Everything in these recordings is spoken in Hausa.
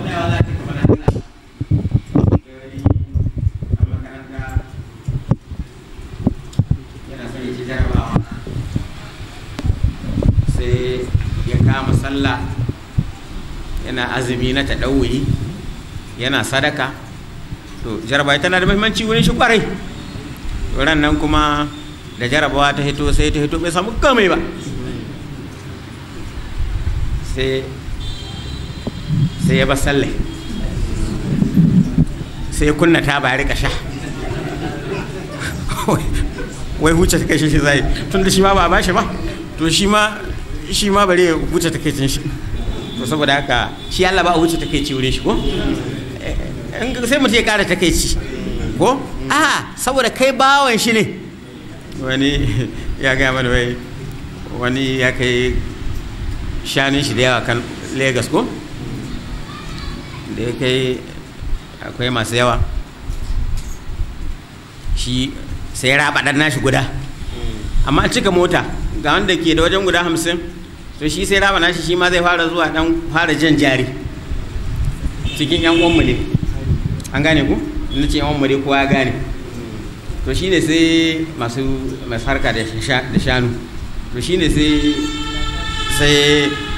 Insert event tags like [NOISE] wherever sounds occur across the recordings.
ta yana sai ya kama sallah yana azumi na taɗauyi yana sadaka to jarabawa tana da muhimmanci wurin shi kwarai ran nan kuma da jarabawa ta hito sai ta hito bai samu kamai ba sai sai ya bar sallai sai ya kunna ta bari ka sha wai huce ta kai shi zai tun da shi ma ba a shi ba to shi ma shi ma bare huce ta kai shi to saboda haka shi Allah ba huce ta kai ci wurin shi ko eh, sai mutum ya kara ta kai ci ko a saboda kai bawan shi ne wani ya gaya mana wai wani ya kai shanin shi da yawa kan Legas ko da ya kai akwai masu yawa shi sai rabaɗar nashi guda amma cika mota ga wanda ke da wajen guda hamsin to shi sai raba nashi shi ma zai fara zuwa dan fara jan jari cikin yan uwanmu ne an gane ku na ce yan uwanmu kowa gane to shine sai masu masu harka da shanu to shine sai sai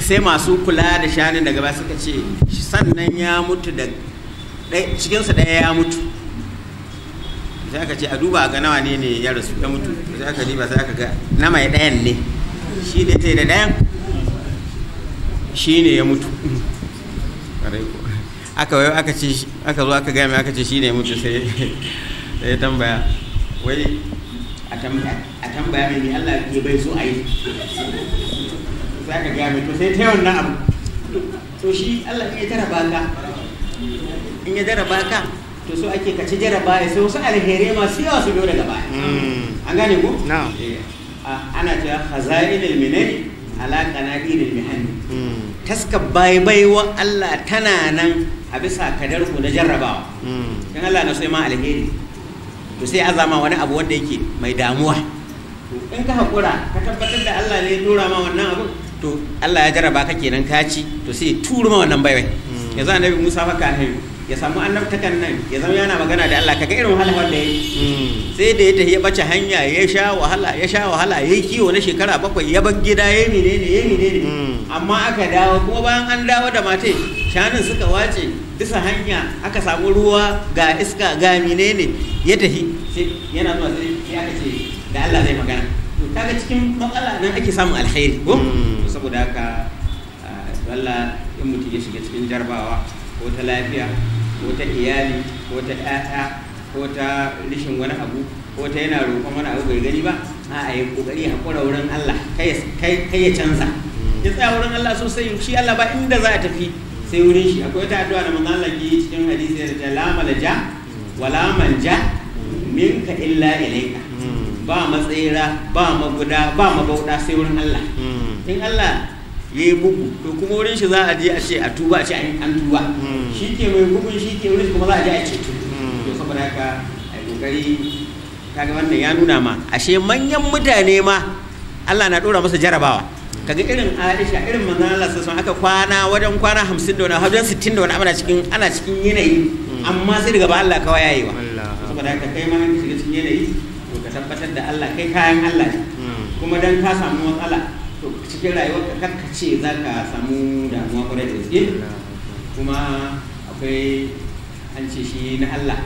sai masu kula da shanin daga ba suka ce sannan ya mutu da cikinsa ɗaya ya mutu sai aka ce a duba ga nawa ne ne ya rasu ya mutu sai aka diba sai aka ga na mai ɗayan ne shi da ta yi da ɗayan shi ne ya mutu aka wayo aka ce aka zo aka gami aka ce shi ne ya mutu sai ya tambaya wai a tambaya mai Allah ya bai so a yi sai aka gaya mai to sai ta wannan abu to shi Allah in ya jaraba ka in ya jaraba ka to so ake ka ci jaraba ya sai wasu alherai masu yawa su biyo daga baya mm. an gane ku. naam eh, ana cewa khaza'in al-minani ala qanadir al mm. bai bai wa Allah tana nan a bisa kadar ku na jarrabawa dan mm. Allah na so ma alheri to sai azama wani abu wanda yake mai damuwa in ka haƙura ka tabbatar da Allah ne ya tura ma wannan abu to Allah ya jaraba ka kenan ka ci to sai turuma wannan baiwai zama hmm. annabi Musa fa annabi ya samu annabtakan nan ya zama yana magana da Allah kaga irin wahala wanda yayi hmm. sai da ya tafi ya bace hanya ya sha wahala ya sha wahala ya yi kiwo na shekara bakwai ya bar gida yayi menene yi menene hmm. amma aka dawo kuma bayan an dawo da mate shanun suka wace bisa hanya aka samu ruwa ga iska ga menene ya tafi sai yana zuwa sai ya kace da Allah zai magana kaga cikin matsala nan ake samun alkhairi ko mm. saboda haka ah, Allah in mutum ya shiga cikin jarbawa ko ta lafiya ko ta iyali ko ta ɗata ko ta rishin wani abu ko ta yana roƙon wani abu bai gani ba a a yi kokari haƙura wurin Allah kai ya canza mm. ya tsaya wurin Allah sosai shi Allah ba inda za a tafi sai wurin shi akwai ta addu'a da manzon Allah cikin hadisi da la malaja wala manja mm. minka illa ilayka ba matsera ba maguda ba mabauda sai wurin Allah hmm. in Allah ya yi bugu to kuma wurin shi za a je a ce a tuba a ce an tuba hmm. shi ke mai bugun shi ke wurin kuma za a je a ce to hmm. saboda haka a yi kokari ga wannan ya nuna ma ashe manyan mutane ma Allah na dora masa jarabawa kaga irin Aisha irin manzon Allah sun aka kwana wajen kwana 50 da wani har 60 da wani ana cikin ana cikin yanayi amma sai daga ba Allah kawai yayi wa saboda haka kai ma ka shiga cikin yanayi ka tabbatar da Allah kai kayan Allah ne hmm. kuma dan ka samu matsala to cikin ka kar ka ce za samu damuwa kwarai da gaske kuma akwai an ce shi na Allah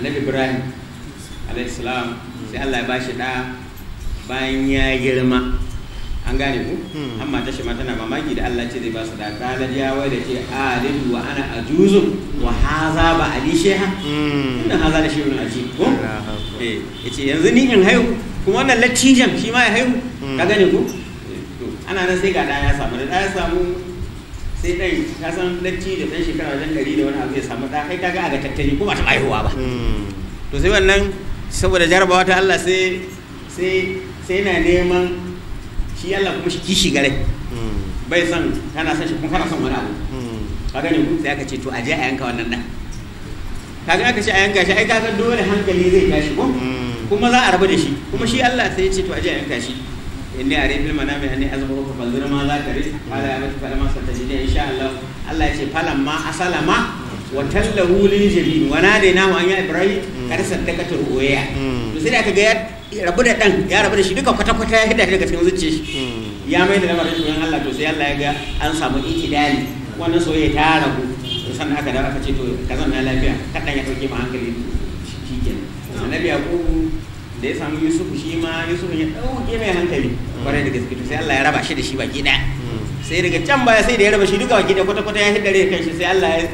annabi Ibrahim alaihi salam sai Allah ya bashi da bayan ya girma an gane ku an mata shi ma tana mamaki da Allah ce zai ba su da kalar ya wai da a alidu wa ana ajuzun wa haza ba ali sheha hmm. inda haza da shehun aji ko eh yace yanzu ni in haihu kuma wannan latijan shi ma ya haihu hmm. ka gane ku eh, ana nan sai ga da ya samu da ya samu sai dan ka san da dan shekara wajen gari da wani abu ya samu da kai kaga a ga tattali kuma ta haihuwa ba hmm. to sai wannan saboda jarabawa ta Allah sai sai sai na neman shi yalla kuma shi kishi gare hmm. bai san kana san shi kuma kana san wani abu hmm. ka gani ku sai aka ce to aje a yanka wannan dan ga aka ce a yanka shi ai ka san dole hankali zai tashi ko hmm. kuma za a rabu da shi kuma shi Allah sai ya ce to aje a yanka shi inni ari fil manami anni fa fanzur ma za ka ri ala ya mutu falama satajidi insha Allah Allah ya ce falamma asalama watallahu wuli jabin Wana nadainahu an ya ibrahim ta mm. saddaka oya mm. to sai da aka ga ya rabu da dan ya rabu da shi duka kwata kwata ya hida daga cikin zuciyar shi mm. ya mai da lamarin tsoron Allah to sai Allah ya ga an samu ikidali wannan soyayya ta rabu san aka da aka ce to kazan na lafiya kadan ya dauke ma hankali shikenan annabi ku. da ya samu yusuf shi ma yusuf ya dauke mai hankali kwarai da gaske to sai Allah ya raba shi da shi baki daya sai daga can baya sai da ya raba shi duka baki daya kwata kwata ya hidda kan shi sai Allah ya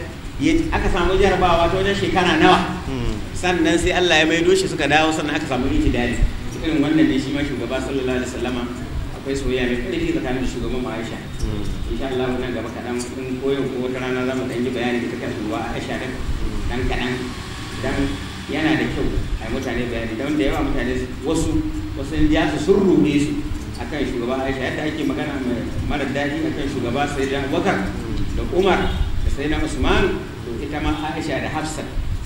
aka samu jarabawa ta wajen shekara nawa hmm. sannan sai Allah ya maido shi suka dawo sannan aka samu dadi irin wannan ne shi ma shugaba sallallahu alaihi wasallama akwai soyayya mai ƙarfi tsakanin shugaban Aisha hmm. insha Allah wannan gaba kadan kun koyo ko wata rana za mu dan yi bayani da take ruwa Aisha din dan kadan dan yana da kyau a mutane bayani don da yawa mutane wasu wasu ya su sun ne su akan shugaba Aisha yadda ake magana mara dadi akan shugaba sai da Abubakar hmm. da Umar da sai na Usman ita ma Aisha da Hafsa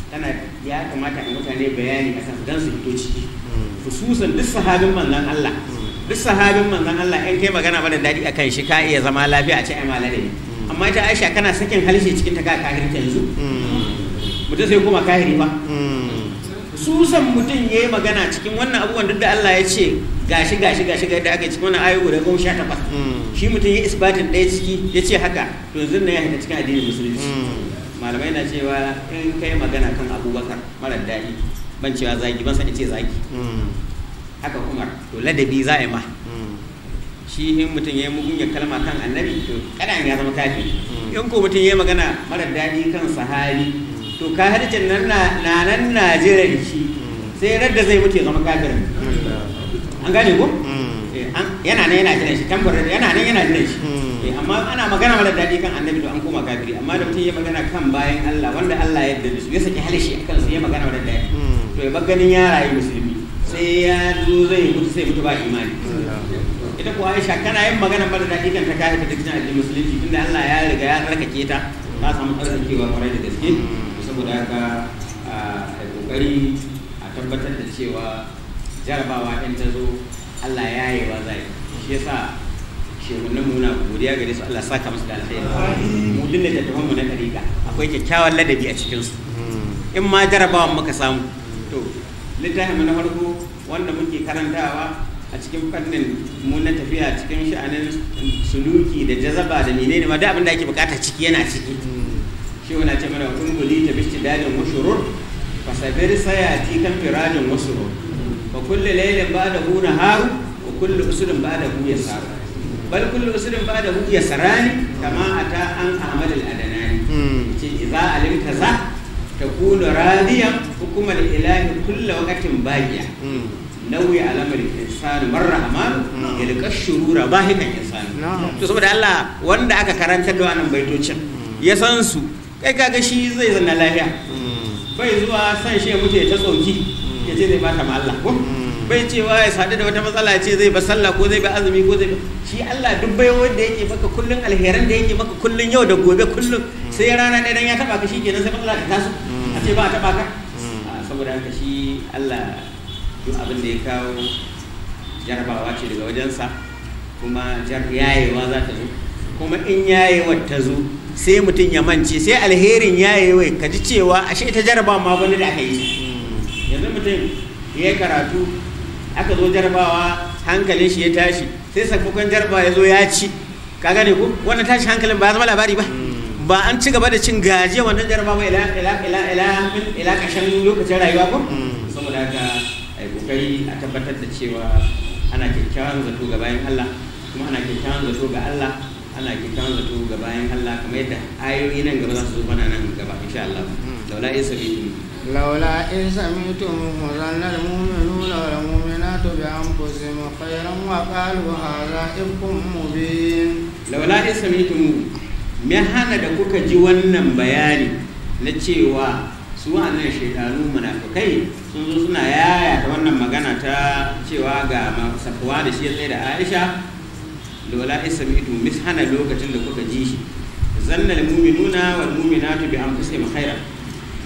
tana ya kamata a mutane bayani a kan dan su fito ciki khususan hmm. duk sahabin manzon Allah hmm. duk sahabin manzon Allah in kai magana ba da a kan shi ka iya zama lafiya a ce ai malade hmm. amma ita Aisha kana sakin halshe cikin ta ka kahirta yanzu mutum sai kuma kahiri ba susan mutum ya yi magana cikin wannan abubuwan duk da Allah ya ce gashi gashi gashi ga yadda aka cikin wannan ayu guda goma sha takwas shi mutum ya isbatin ɗaya ciki ya ce haka to yanzu na ya haka cikin addinin musulunci malamai na cewa in kai magana kan abubakar marar daɗi ban cewa zagi ban sani ce zagi hmm. haka umar to ladabi za a ma hmm. shi in mutum ya yi mugunyar kalma kan annabi to kana ya zama kafi hmm. in ko mutum ya yi magana marar daɗi kan sahari to ka harcin nan na nan na jiran shi sai radda zai mutu ya zama kafin. an gane ko eh, yana nan yana jiran shi tambarin yana nan yana jiran shi amma ana magana mara daɗi kan annabi to an koma kafiri amma da mutum ya magana kan bayan Allah wanda Allah ya yarda su ya saki halishi a kansu ya magana mara daɗi hmm. to ya ganin ya rayu musulmi sai ya zo zai mutu sai mutu ba imani ita ko Aisha kana yin magana mara daɗi kan ta kare ta dukkan addinin musulunci tunda Allah ya riga ya tsarkake ta ta samu tsarkakewa kwarai da gaske saboda haka a kokari a tabbatar da cewa jarabawa in ta zo Allah ya yi wa zai shi yasa shegunan mu na godiya gare su Allah saka musu da alheri mu dinne da tafan mu na dariƙa akwai kyakkyawan ladabi a cikin su hmm. in ma jarabawan muka samu to littafin na farko wanda muke karantawa a cikin fannin mu na tafiya cikin sha'anin suluki da jazaba da menene ma duk abin da ake bukata ciki yana ciki hmm. shi wani ce mana kun guli ta bishti dadin mushurur fasabir sayati kan firadin musurur wa kullu laylin ba da hu haru wa kullu usulin ba da hu yasaru bal kullu usulin ba da hukiya sarani kama ata an ahmad al-adanani hmm. ce idza alimta za takunu radiyan hukuma da ilahi kullu waqtin baqiya hmm. nawi alamar insan marrahman yalqa shurura bahikan insan hmm. to saboda Allah wanda aka karanta da wannan baitocin ya san su kai kaga shi zai zanna lafiya bai zuwa san shi ya mutu ya ta tsoki ya ce zai bata ma Allah ko bai cewa ya sadu da wata matsala ce zai ba sallah ko zai ba azumi ko zai ba shi Allah duk bai wanda yake maka kullun alheran da yake maka kullun yau da gobe kullun sai rana ɗaya dan ya taba ka shikenan sai matsala ta taso a ce ba a taba ka mm. saboda haka shi Allah duk abin da ya kawo jarabawa ce daga wajensa kuma yayewa za ta zo kuma in yayewa ta zo sai mutum ya mance sai alherin yayewa ka ji cewa ashe ita jarabawa ma wani da aka yi mm. yanzu mutum ya karatu aka zo jarrabawa hankalin shi ya tashi sai sakamakon jarba ya zo ya ci ka gane ko wannan tashi hankalin ba zama labari ba hmm. ba an ci gaba da cin gajiya wannan ba ila ila ila ila ila kashin lokacin rayuwa ko hmm. saboda haka ai kokari a tabbatar da cewa ana kyakkyawan zato ga bayan Allah kuma ana kyakkyawan zato ga Allah Allah ki kan zato ga bayan Allah kamar yadda ayoyi nan gaba za su zo mana nan gaba insha Allah hmm. laula in sabitu laula in sabitu muzallal mu'minuna wal mu'minatu bi anfusihim khayran wa qalu hadha ibkum mubin laula in sabitu me hana da kuka ji wannan bayani na cewa su wannan shekaru munafikai sun zo suna yaya ta wannan magana ta cewa ga masu safuwa da shi da Aisha lola isamitu mishana lokacin da kuka ji shi zannal mu'minuna wal mu'minatu bi anfusihim khairan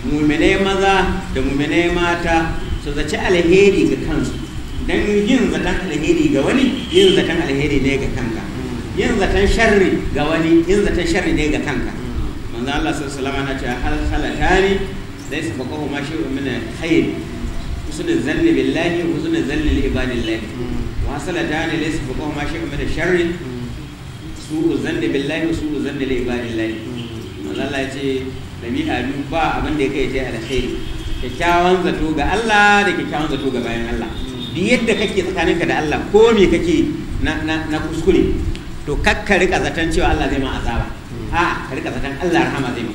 mu'minai maza da mu'minai mata su zaci alheri ga kansu dan yin zaton alheri ga wani yin zaton alheri ne ga kanka yin zaton sharri ga wani yin zaton sharri ne ga kanka manzo Allah sallallahu alaihi wasallam ce hal halatani zai su ko ma shi min khair husnul zanni billahi husnul zanni li ibadillahi Masala ta ne su buƙo kuma shi kuma da sharri su da billahi su su da li ibadillahi Allah ya ce da a yi ba abin da ya kai ce alkhairi kyakkyawan zato ga Allah da kyakkyawan zato ga bayan Allah bi yadda kake tsakaninka da Allah ko me kake na na kuskure to kakka rika zaton cewa Allah zai ma azaba a ka rika zaton Allah rahama zai ma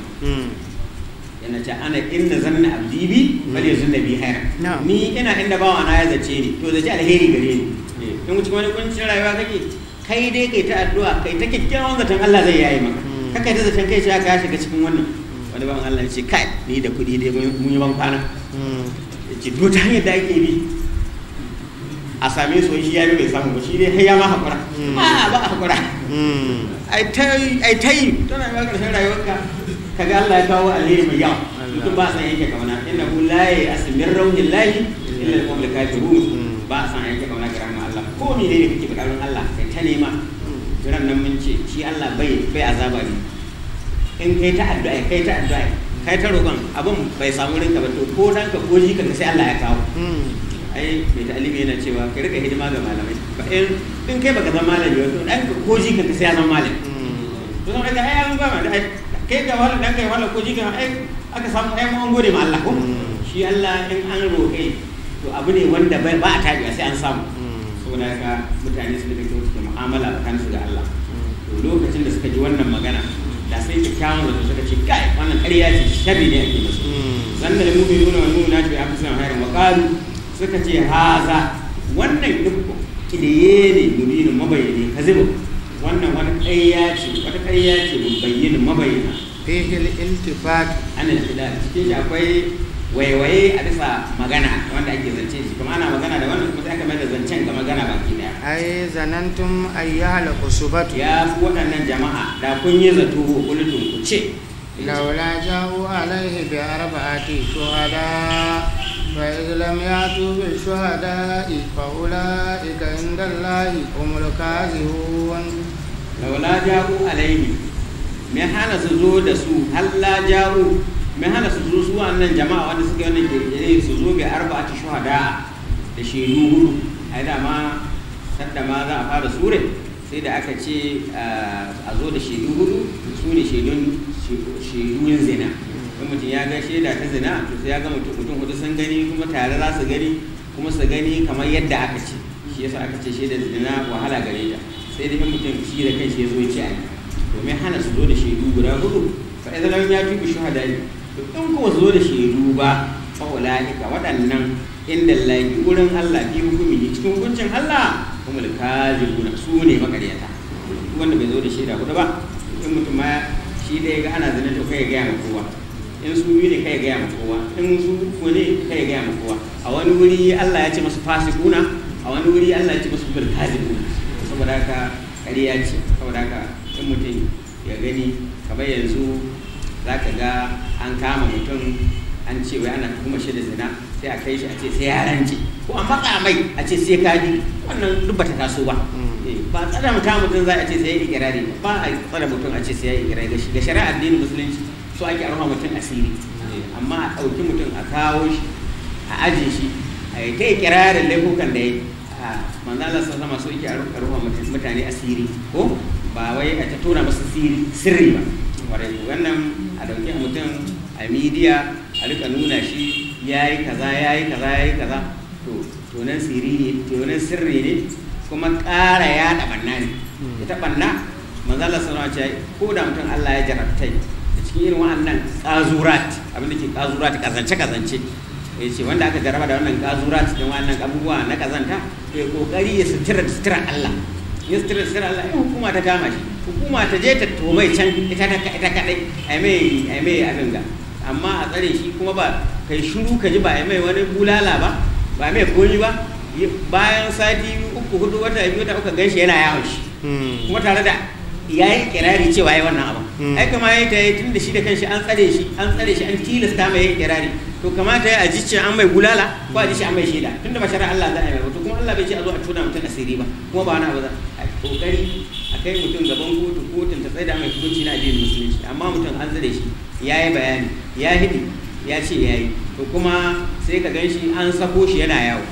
yana ce ana inda zanna abdi bi bal yazunna bi khaira ni ina inda bawa na ya zace ni to zace alheri gare ni eh. in cikin wani kuncin rayuwa kake kai dai kai ta addu'a kai ta kikkiawan zaton Allah zai yayi maka hmm. kakai ta zaton kai sai ka shiga cikin wannan wani ban Allah ya ce kai ni da kudi dai mun yi ban kwana hmm. ya ce duk ta hanyar da ake bi a same su shi ya bi bai samu ba shi dai ya ma hakura hmm. ba a hakura ai ta yi tana yi wa ƙarshen rayuwarka kaga Allah ya kawo alheri mai yawa mutum ba san yanke kauna inna hu la ya'asu min rauhillahi illa al-qawmul kafirun ba san yanke kauna ga rahmar Allah ko ne ne kike bukatar Allah kai ta nema ran nan mun ce shi Allah bai bai azaba ne in kai ta addu'a kai ta addu'a kai ta roƙon abin bai samu rinka ba to ko dan ka goji ka sai Allah ya kawo ai mai ta'alimi yana cewa ka rika hidima ga malamai ba in kai baka zama malami ba to dan ko ka sai ya zama malami to sai ka ai an ba ma da kenga wala danga wala ko jiga ay aka samu ay mo an ma Allah ko mm. shi Allah in an roke to abu ne wanda ba a tabi sai an samu mm. saboda ka mutane su da su mu'amala kan su da Allah mm. to lokacin da suka ji wannan magana da sai kyawun da suka ce kai wannan ƙarya ce sharri ne ake musu zanna da mumin nuna wannan mumin nashi bai suna hayar maqalu suka ce haza wannan duk kidaye ne nurinin mabayyane kazibu wannan wata ƙayya ce wata ƙayya ce bayyana mabayyana fihil iltifat an iltifat cikin shi akwai waiwaye a bisa magana wanda ake zance shi kuma ana magana da wannan kuma sai aka mai da zancen ga magana baki daya ai zanantum ayyahal usubatu ya ku waɗannan jama'a da kun yi zato ko kulutun ku ce laula ja'u alaihi bi arba'ati shuhada فإذ لم يأتوا بالشهداء فأولئك عند الله هم الكاذبون لولا جاءوا عليه me hana su zo da su halla jaru me hana su zo su wannan jama'a wanda suka yi wannan kirkire su zo bi arba'ati shuhada da shedu hudu ai da ma sadda ma za a fara sure sai da aka ce zo da shaidu hudu su ne shaidun zina in mutum ya ga shaida ta zina to sai ya ga mutum hudu sun gani kuma tare za su gani kuma su gani kamar yadda aka ce shi yasa aka ce shaidar zina wahala gare ta sai dai mutum shi da kanshi ya zo ya ce a domin hana su zo da shaidu guda hudu fa idan lam ya tubu ne to in kuma zo da shaidu ba fa ulaika waɗannan inda lahi wurin Allah bi hukumi cikin hukuncin Allah kuma guna su ne makaryata wanda bai zo da shaida hudu ba in mutum ma shi da ya ga ana zina to kai ya gaya ma kowa in su biyu ne kai ya gaya ma kowa in su uku ne kai ya gaya ma kowa a wani wuri Allah ya ce masu fasikuna a wani wuri Allah ya ce masu bilkazibuna saboda haka ƙarya ce saboda haka in mutum ya gani kamar yanzu za ka ga an kama mutum an ce wai ana kuma shi da zina sai a kai shi a ce sai ya rance ko an matsa mai a ce sai ka ji wannan duk bata taso ba mm. eh, ba tsada mutum mutum za a ce sai ya ikirari ba a tsada mutum a ce sai ya ikirari ga shari'a addinin musulunci so ake arma mutum asiri mm. amma a ɗauki mutum a kawo shi a aje shi a yi ta ikirarin laifukan da ya a manzala sun sama so yake a rufa mutane asiri ko ba wai a ta tona masu sirri ba warai wannan a ɗauki a mutum a midiya a rika nuna shi ya yi kaza ya yi kaza ya yi kaza to nan sirri ne to nan sirri ne kuma ƙara yaɗa banna ne hmm. ita ɓanna manzala a ce ko da mutum Allah ya jarabtai da cikin irin wa'annan ƙazurat abin da ke ƙazurat kazance kazance ya ce wanda aka jaraba da wannan ƙazurat da wannan abubuwa na kazanta to ya kokari ya sutura da sutura Allah ya sutura da sutura Allah ya hukuma ta kama shi hukuma ta je ta tomai can ita ita kadai ai mai ai mai abin ga amma a tsare shi kuma ba kai shiru ka ji ba ai mai wani bulala ba ba mai komi ba bayan sati uku hudu wata biyu ta uka ganshi yana yawon shi hmm. kuma tare da ya yi kirari cewa ya wannan abu hmm. ai kama ya ta yi tun da shi da kanshi an tsare shi an tsare shi an tilasta mai yin kirari to kamata ya aji ce an mai gulala ko aji shi an mai shaida tun da bashara Allah za a yi to kuma Allah bai ce a zo a tuna mutum asiri ba kuma ba wani abu za a kokari a kai mutum gaban kotu kotun ta tsaida mai hukunci na addinin musulunci amma mutum an tsare shi ya yi bayani ya hidi ya ce ya yi to kuma sai ka gan shi an sako shi yana yawo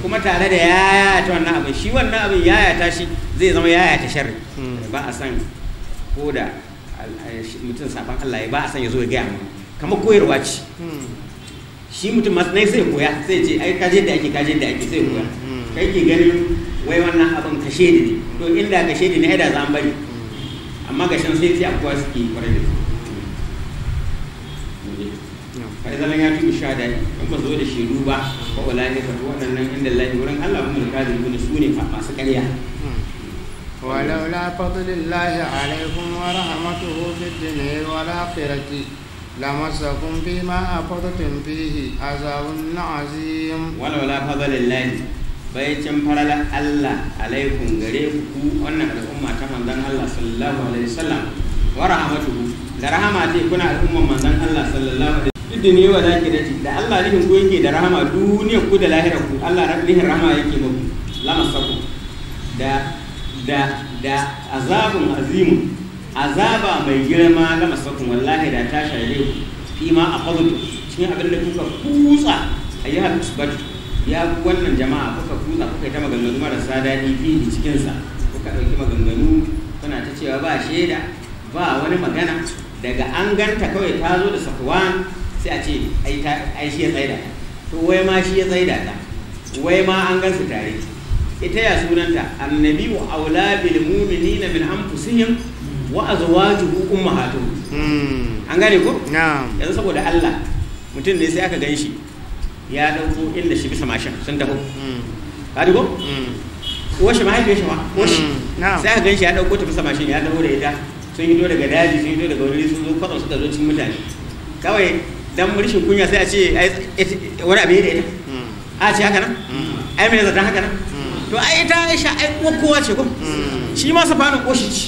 kuma tare da ya ta wannan abin shi wannan abin ya ta shi zai zama ya ta sharri hmm. ba a san ko da mutum safan Allah ya ba a san ya zo ya gaya mun kamar koyarwa ce hmm. shi mutum nai sai koya sai ce ai kaje da ake kaje da ake sai koya hmm. kai ke ganin wai wannan abin kashe ne to inda kashe ne ai da zan bari amma gashin sai sai akwai suke kwarai da su fa idan lam yatu bishada in ba zo da shaidu ba fa ulai ka to inda Allah wurin Allah mun da kadin su sune fa masu ƙarya ولولا فضل الله عليكم ورحمته في الدنيا والآخرة لمسكم فيما أفضتم فيه عذاب عظيم ولولا فضل الله baicin falalar Allah alaikum gare ku wannan al'umma ta manzon Allah sallallahu alaihi wasallam wa rahmatuhu da rahama ce kuna al'umman manzon Allah sallallahu alaihi idini wa zakirati da Allah rihin ku yake da rahama duniya ku da lahira ku Allah rihin rahama yake muku lamasaku da da da azabun azimun azaba mai girma lama sako wallahi da ta shaye ku fi ma aqadtu cikin abin da kuka kutsa ayyuhal musbatu ya wannan jama'a kuka kutsa kuka ta maganganu marasa daɗi fi cikin sa kuka ɗauki maganganu kuna ta cewa ba shaida ba wani magana daga an ganta kawai ta zo da safwan sai a ce ai ta ai shi ya tsaida to wai ma shi ya tsaida ta wai ma an gansu tare ita ya sunanta annabi wa aula bil mu'minina min anfusihim wa azwajuhu ummahatuhum hmm. an gane ko yanzu saboda Allah mutum ne sai aka gan shi ya dauko inda shi bisa mashin sun taho ka hmm. ko hmm. uwar shi mahaifiyar shi ma sai aka gan shi ya dauko ta bisa mashin ya dauko da ita sun hito daga daji sun hito daga wuri, sun zo kwatsa suka zo cikin mutane kawai dan rishin kunya sai a ce wani abu da ita hmm. a ce haka nan hmm. ai mai zata haka nan hmm. to ai ita aisha ai kowa ce ko shi ma fana koshi ci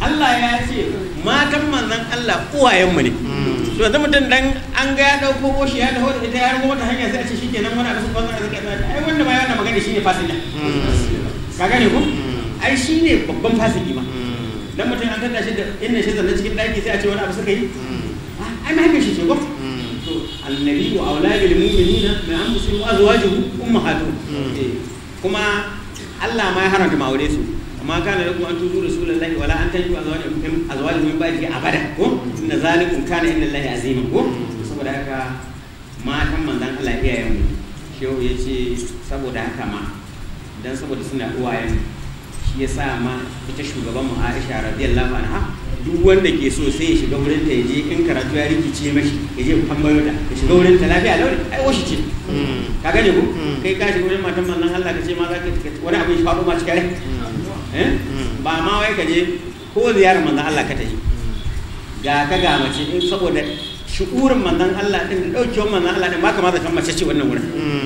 Allah ya ce matan manzan Allah uwayenmu ne to yanzu mutum dan an ga ya dauko koshi ya dawo da ita ya rubo mata hanya sai a ce shikenan wani abu sun kwanza da zaka ai wanda ma ya wanda magana shine fasila ka gane ko ai shine babban fasiki ma dan mutum an tada da inda shi zanne cikin daki sai a ce wani abu suka yi ah, ai mahaifin shi ce ko annabi wa aula bil mu'minina min anfusihim wa azwajuhum ummahatuhum kuma Allah ma ya haramta ma aure su amma kana kuma an tuzu rasulullahi wala an tanju azwajuhum ba ba'di abada ko inna zalikum kana inna lillahi azima ko saboda haka matan manzon Allah iyayen mu shehu yace saboda haka ma dan saboda suna uwayen shi yasa ma ita shugaban mu Aisha radiyallahu anha duk wanda ke so sai ya shiga wurin ta je in karatu ya rikice mashi ya je kwambayo da ya shiga wurin ta lafiya lauri ai washi ce hmm. ka gane ko hmm. kai ka shiga wurin matan mallan Allah ka ce ma za ka wani abin shi faɗo ma cikin hmm. eh ba ma wai ka je ko ziyarar manzon Allah ka ta yi ga ka ga mace in saboda shi'urin manzan Allah din da daukewar manzan Allah din ba kamata kan mace ce wannan wurin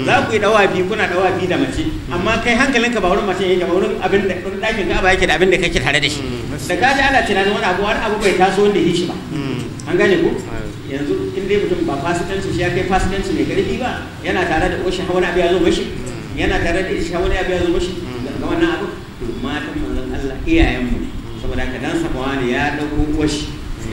za ku yi dawa biyu kuna dawa biyu da mace amma kai hankalinka ba wurin mace yake ba wurin abin da wurin dakin ka ba yake da abin da kake tare da shi mm, da kaji ana tunanin wani abu wani abu bai taso wanda yi shi ba mm. an gane ko yanzu in dai mutum ba fasikanci shi ya kai fasikanci mai karfi ba yana tare da ƙoshin hawan abu ya zo mashi mm. yana tare da ishi hawan abu ya zo mashi ga wannan abu matan manzan Allah iyayenmu ne saboda ka dan sabawa ne ya dauko uwar shi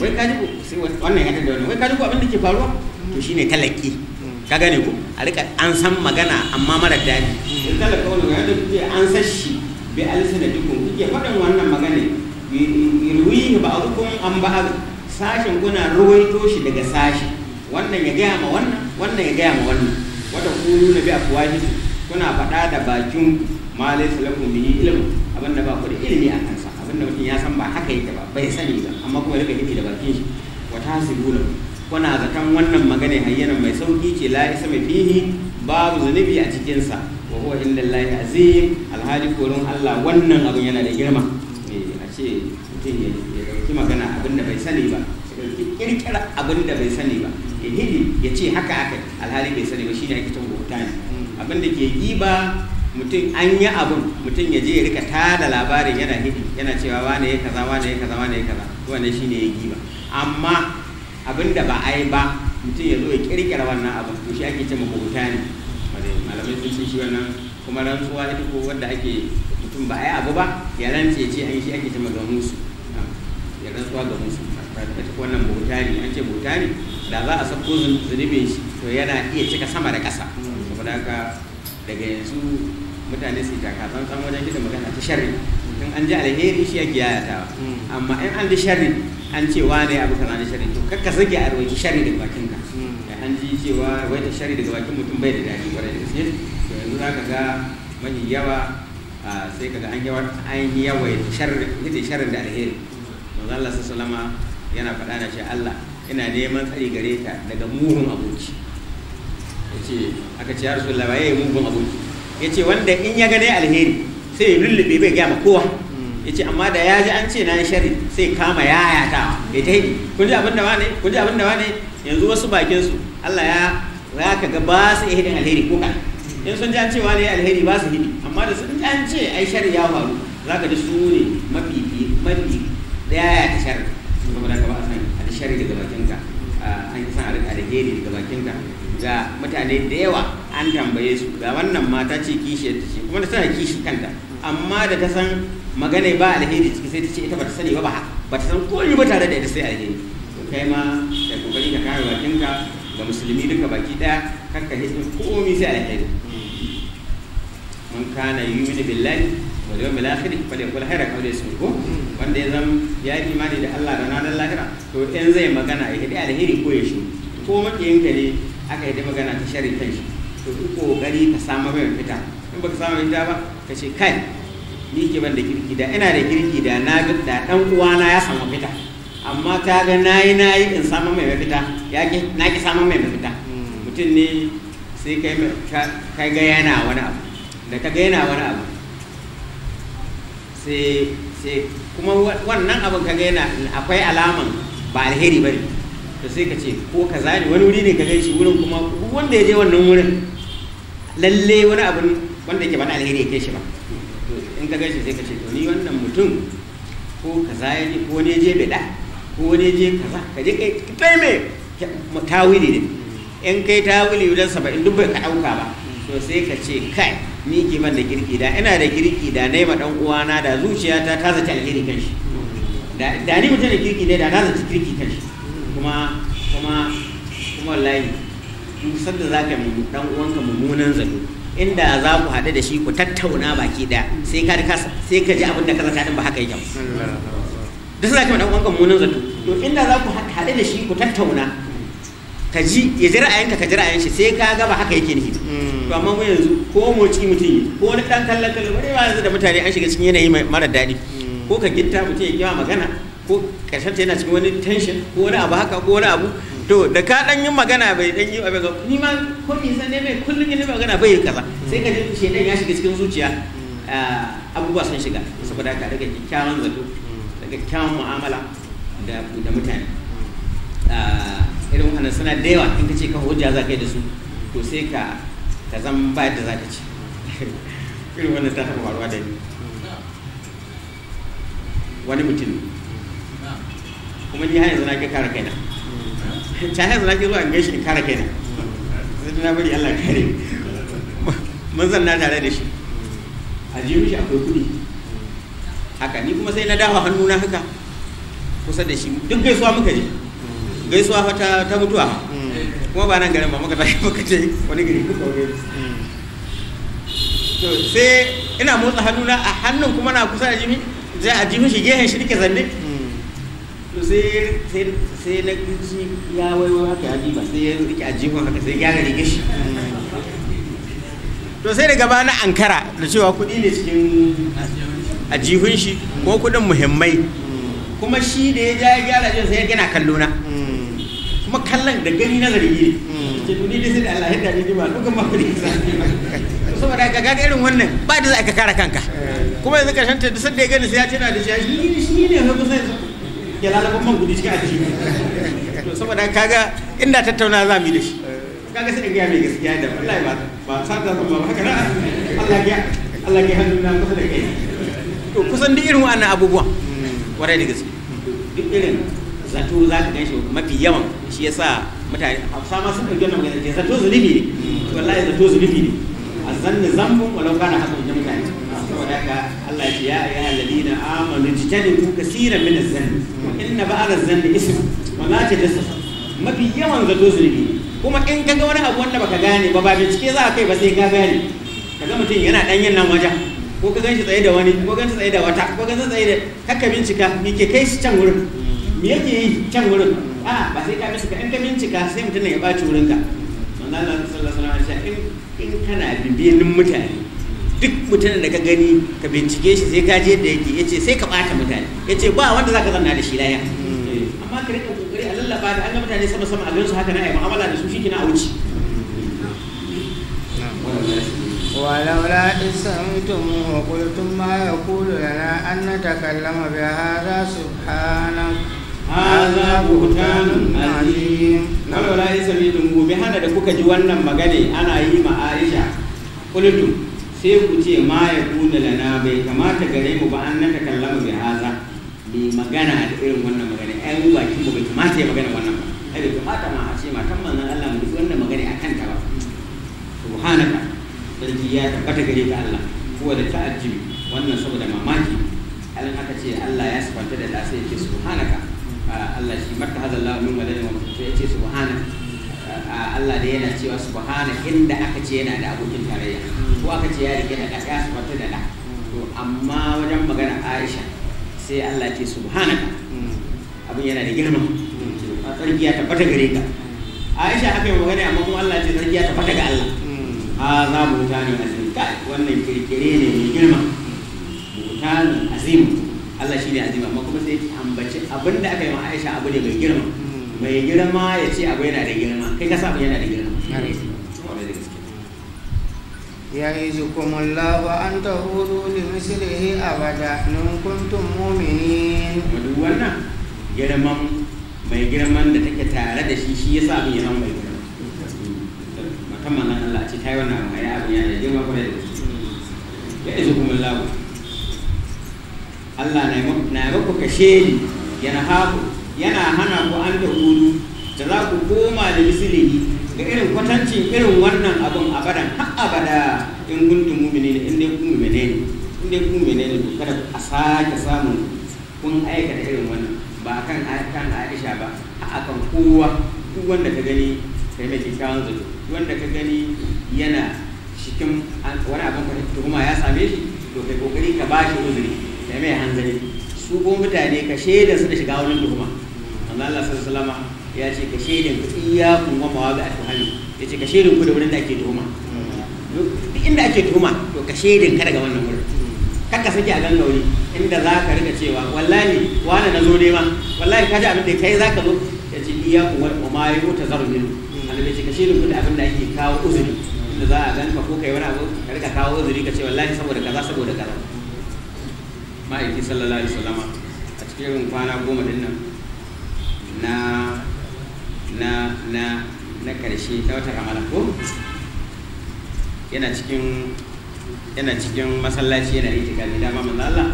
wai ka ji ko sai wannan ya da wannan wai ka ji abin da ke faruwa to shine talaki ka gane ko a rika an san magana amma mara daɗi in talaka wannan ya da kuke an san shi bi alisa da dukun kuke faɗin wannan magana ruwihi ba azukun an ba sashin kuna ruwaito shi daga sashi wannan ya gaya ma wannan wannan ya gaya ma wannan wata kuru na bi afwahi kuna faɗa da bakin ma laysa lakum bihi ilm abinda ba ku da ilimi akan da mutum ya san ba haka yake ba bai sani ba amma kuma rika hidi da bakin shi wa tasibuna kuna zaton wannan magana hayyana mai sauki ce la isa mai fihi babu zunubi a cikin sa wa huwa inda Allah azim alhali korin Allah wannan abin yana da girma eh, a ce mutum ya dauki magana abinda bai sani ba kirkira da bai sani ba ya hidi ya ce haka aka alhali bai sani ba shine ake tambo bauta ne abinda ke giba mutum an yi abun mutum ya je ya rika tada labarin yana hidi yana cewa wane ya kaza wane ya kaza wane ya kaza shi shine ya yi ba amma abin da ba a yi ba mutum ya zo ya kirkira wannan abin to shi ake ce mahuta ne malamai sun ce shi wannan kuma rantsuwa ita ko wanda ake mutum ba a yi abu ba ya rantse ce an shi ake ce ma musu ya rantsuwa ga musu ba ko wannan mahuta ne an ce mahuta ne da za a sako zunubin shi to yana iya cika sama da ƙasa saboda haka daga yanzu mutane su kasan san wajen gida magana ta sharri in an ji alheri shi ake yayatawa hmm. amma in an ji sharri an ce wa ne abu kaza na sharri to kakka sake a rawaiki sharri daga bakin ka hmm. an ji cewa ta sharri daga bakin mutum bai da daɗi kwarai da gaske to yanzu za ka ga mafi yawa sai ka ga an yawa an yawaita sharri ta sharrin da alheri manzo Allah salama yana faɗa na shi Allah ina neman tsari gare ta daga mugun aboki yace aka ce ya rasulullahi labaye mugun aboki ya ce wanda in ya gane alheri sai ya lullube bai gaya ma kowa ya ce amma da ya ji an ce na yi shari sai kama yaya ta ya ta yi kun ji abin da wane kun ji abin da wane yanzu wasu bakin su Allah ya ya ka ga ba su hidin alheri ko ka in sun ji an ce wane alheri ba su hidi amma da sun ji an ce ai shari ya faru za ka ji su ne mafi mafi da yaya ta shari saboda ka ba a san a shari daga bakinka an san a alheri daga bakinka ga mutane da yawa an tambaye su ga wannan mata ce kishi yadda ce kuma da tana kishi kanta amma da ta san magana ba alheri ciki sai ta ce ita ba ta sani ba haka ba ta san komai ba tare da ita sai alheri to kai ma da kokari ka kare bakinka ga musulmi duka baki daya ka hisin komai sai alheri mun kana yuminu billahi wal yawm al akhir falyakul khairan aw liyasmut ko wanda ya zam ya yi imani da Allah da ranar lahira to in zai magana ya hidi alheri ko ya shi ko makiyin ka ne aka yi magana ta shari'a kan shi to yi kokari ka samar mai fita in baka samu fita ba ka ce kai ni ke ban da kirki da ina da kirki da na da dan uwana ya samu fita amma ta ga nayi nayi in samu mai fita ya ke, na ki samu mai fita. mutum ne sai kai kai ga yana wani abu da ka ga yana wani abu sai sai kuma wannan abin ka ga yana akwai alaman ba alheri bane to sai ka ce ko ka ne wani wuri ne ka gan shi wurin kuma wanda ya je wannan wurin lalle wani abu wanda yake bana alheri ke shi ba in ka gaishe sai ka ce to ni wannan mutum ko kaza ya ko ne je je beda ko ne je kaza ka je kai kai me tawili ne in kai tawili wajen saba'in duk bai ka ɗauka ba to sai ka ce kai ni ke da kirki da ina da kirki da na ma dan uwa uwana da zuciyata ta zaci alheri kan shi da ni mutum da kirki ne da na zaci kirki kan shi kuma kuma kuma wallahi musar da ka mu dan uwanka mummunan zato inda za ku haɗu da shi ku tattauna baki ɗaya sai ka sai ka ji abin da ka zata ba haka yake duk za ka mai dan uwanka mummunan zato to inda za ku haɗu da shi ku tattauna ka ji ya ji ra'ayinka ka ji ra'ayin shi sai ka ga ba haka yake nufi to amma mu yanzu ko moci mutum yi ko wani dan kallon kallon wani ba yanzu da mutane an shiga cikin yanayi mara daɗi ko ka gitta mutum ya kiwa magana ko karshen ta yana cikin wani tension ko wani abu haka ko wani abu to da ka dan yi magana bai dan yi abin ni ma ko ni san ne mai kullun yin magana bai yi kaza sai ka ji dan ya shiga cikin zuciya ah, abubuwa sun shiga saboda ka daga kyakkyawan zato daga kyakkyawan mu'amala da da mutane ah, irin wannan suna da yawa in ka ce ka hujja za ka yi da su to sai ka ka zan ba da za ka ci [LAUGHS] irin wannan ta taɓa faruwa da ni wani mutum kuma ni har yanzu na ga kare kaina ta haizu na ke zuwa in gaishe in kare kaina zai na bari Allah kare mun zanna tare da shi a jiyo shi akwai kudi haka ni kuma sai na dawa hannuna haka kusa da shi duk gaisuwa muka je gaisuwa ta ta mutuwa kuma ba nan garin ba muka tashi muka je wani gari to sai ina motsa hannuna a hannun kuma na kusa da jini sai a jiyo shi gehen shi nake zanne sai sai na ji ya waiwa haka ya sai ya rike a jihun haka sai gyara rike shi to sai daga bana ankara da cewa kudi ne cikin a jihun shi ko kudin muhimmai kuma shi da ya ja gyara jin sai ya gina kallona kuma kallon da gani na zargi ne ce to ni dai sai da Allah ya dade ni ba dukkan ma kuɗi saboda ka ga irin wannan ba da za ka kara kanka kuma yanzu karshen ta duk sanda ya gani sai ya tana da shi shi ne fa kusa ya lalaba man gudu cikin saboda kaga inda tattauna za mu yi da shi kaga sai ga mai gaskiya da wallahi ba ba ba haka Allah ya Allah ya hannu na kusa da kai to kusan duk irin wannan abubuwan hmm. warai da gaske duk irin zato za ka ganshi mafi yawan shi yasa mutane hausa ma sun ɗauki wannan magana zato zulubi ne hmm. wallahi zato zulubi ne a zambun walau kana hasan jami'a haka Allah ce ya ayyuhal ladina amanu tajtanibu kaseeran min az-zann wa inna ba'd az-zann ism wa la tajassasu mafi yawan zato zunubi kuma in kaga wani abu wanda baka gane ba ba bincike za a kai ba sai ka gane kaga mutum yana yin nan wajen ko ka ganshi tsaye da wani ko ganshi tsaye da wata ko ganshi tsaye da haka bincika me ke kai shi can wurin me yake yi can wurin a ba sai ka bincika in ka bincika sai mutum ya ɓaci wurinka manzo Allah sallallahu alaihi wasallam ya ce in kana bibiyin mutane duk mutumin da ka gani ka bincike shi sai ka je da yake ce sai ka ɓata mutane ce ba wanda za ka zanna da shi laya hmm. amma ka rika kokari a lallaba da an ga mutane sama sama a gansu haka na ya mu'amala da su shi kina auci ولولا إسمتم وقلتم ما يقول لنا أن نتكلم بهذا سبحانك هذا بهتان عظيم ولولا إسمتم بهذا da kuka ji wannan magane ana yi ma Aisha قلتم sai ku ce ma ya kuna lana bai kamata gare mu ba an na takallama bai haza mu magana da irin wannan magana ɗan yi bakin mu bai kamata ya magana wannan ba ai bai kamata ma a ce kan manzon Allah mu wannan magana a kan ta ba subhanaka sarki ya tabbata gare ka Allah kuwa da ta'ajjibi wannan saboda mamaki alin aka ce Allah ya sifanta da da sai ya ce subhanaka ah, Allah shi mata hadallahu min walani wa sai ya ce subhanaka Allah da yana cewa bahana inda aka ce yana da abokin tarayya ko aka ce ya rike da ƙasa ya sabata da da to amma wajen magana Aisha sai Allah ce bahana abin yana da girma a tsarki ya tabbata gare ka Aisha haka yi magana amma kuma Allah ce tsarki ya tabbata ga Allah a za mu wuta ne azim wannan kirkire ne mai girma mutanen azim Allah shi ne azim amma kuma sai ambaci da aka yi ma Aisha abu ne mai girma mai girma ya ce abu yana da girma kai ka sa yana da girma ya yi zukumun lawa an ta hudu da misirihi abada nun kuntun mumini Wadu wannan girman mai girman da take tare da shi shi ya sa abin yana mai girma musamman nan Allah ce ta yi wannan mai abin yana da girma kuma da shi ya yi zukumun lawa Allah na yi muku kashe ni yana haku yana hana ku an da hudu da za ku koma da misilihi ga irin kwatancin irin wannan abin abadan har abada in kuntum mu'minina in dai ku mu'mine ne in dai ku mu'mine ne to kada a sake samun kun aikata irin wannan ba a kan kan Aisha ba a kan kowa duk wanda ka gani kai mai kyakkyawan zato wanda ka gani yana cikin wani abin da tuhuma ya same shi to kai kokari ka ba shi uzuri kai mai hanzari su ko mutane ka shaida su da shiga wani tuhuma Allah sallama alaihi ya ce ka shaidin ku iya kun wa mawabi alfahari ya ce ka shaidin ku da wurin da ake tuhuma duk inda ake tuhuma to ka shaidin ka daga wannan wurin kaka saki a ganna wuri inda za ka rika cewa wallahi wani na zo ne ma wallahi ka ji abin da kai za ka zo ya ce iya kun wa ma yi ta zarun ne annabi ce ka shaidin ku da abin da ake kawo uzuri inda za a ganka ko kai wani abu ka rika kawo uzuri ka ce wallahi saboda kaza saboda kaza ma'aiki sallallahu alaihi wasallama a cikin kwana goma din nan na na na na karshe ta wata ramala ko yana cikin yana cikin masallaci yana itikafi dama ma Allah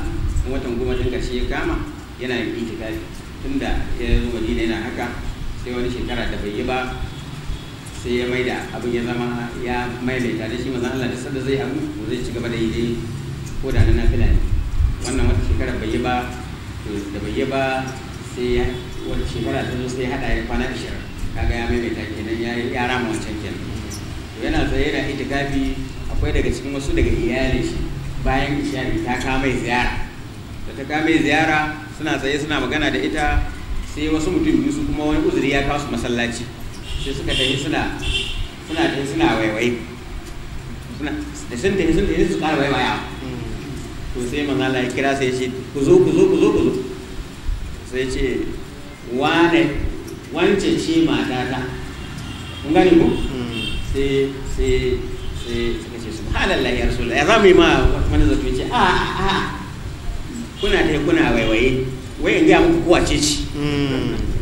in watan goma din karshe ya kama yana itikafi tunda ya zo Madina yana haka sai wani shekara da bai yi ba sai ya maida abu ya zama ya maimaita da shi manzo Allah da sanda zai abu zai ci gaba da yi dai ko da na nafila ne wannan wata shekara bai yi ba to da bai yi ba sai ya wata shekara ta zo sai hada ya kwana ashirin kaga ya maimaita kenan ya yi yara ma wancan kenan to yana tsaye yana ita itikafi akwai daga cikin wasu daga iyalin shi bayan ishari ta kama ziyara da ta kama ziyara suna tsaye suna magana da ita sai wasu mutum biyu su kuma wani uzuri ya kawo su masallaci sai suka tafi suna suna tafi suna waiwai da sun tafi sun tafi su kara waiwaya mm. to sai manzala ya kira sai ya ce ku zo ku zo ku zo ku zo sai ce wane wance ce matata kun gani ko sai sai sai suka ce subhanallah ya rasulullah ya zamu yi ma wani zato ce a a kuna dai kuna waiwaye wai in ga muku kowa ce ci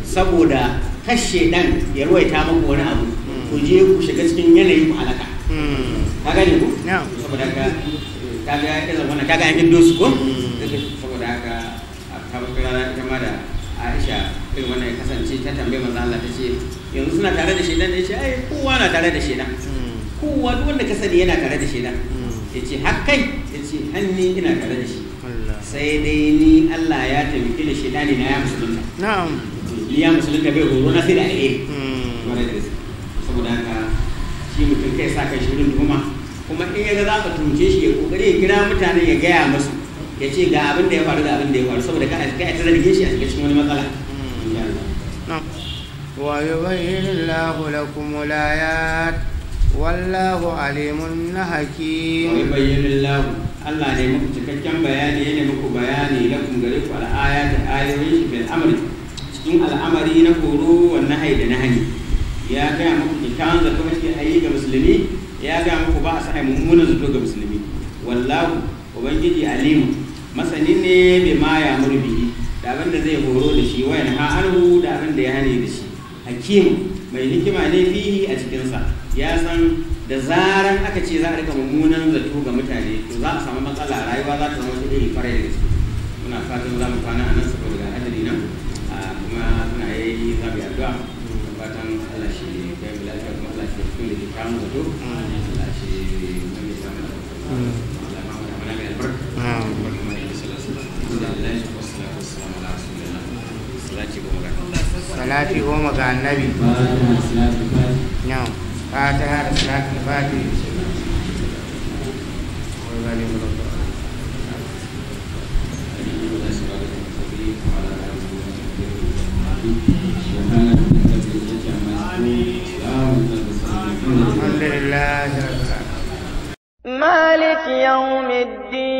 saboda kashe dan ya ruwaita muku wani abu ku je ku shiga cikin yanayi ku halaka ka gani ko saboda ka kaga ya zama na kaga an gindo su ko mm. saboda haka ta bakara ta ma da irin wannan ya kasance ta tambayi manzo Allah ta ce yanzu suna tare da shedan ya ce ai kowa na tare da shaidan hmm. kowa duk wanda ka sani yana tare da shaidan hmm. ya ce har kai ya ce hanni ina tare da shi sai dai ni Allah ya taimake da shaidan ne na ya musulunta na'am ni ya musulunta bai horo na sai da alheri hmm. wanda da saboda haka shi mutum kai sa kai shirin tuhuma kuma in ya ga za ka tunce shi ya kokari ya kira mutane ya gaya musu ya ce ga abin da ya faru da abin da ya faru saboda ka a ta shi a cikin wani matsala نعم ويبين الله لكم الآيات والله عليم حكيم ويبين الله Allah ne muku cikakken bayani ne muku bayani na gare ku al'aya da ayoyin bil amri cikin al'amari na horo wa nahai da nahayi ya gaya muku kyakkyawan zato mace ayi ga musulmi ya gaya muku ba a sa'a mummunan zato ga musulmi wallahu ubangiji alimu masani ne bai ma ya murbi da abin da zai horo da shi wayan yanha da abin da ya hane da shi hakim mai hikima ne fihi a cikinsa ya san da zaran aka ce za a rika mummunan zato ga mutane to za a samu matsala rayuwa za ta zama wata iri kwarai da su muna fatan za mu kwana a nan saboda hadari nan kuma muna yi za mu yi addu'a fatan Allah shi ya yi lafiya kuma Allah shi ya fito da kyakkyawan zato salati goma ga annabi da salati fati مالك يوم الدين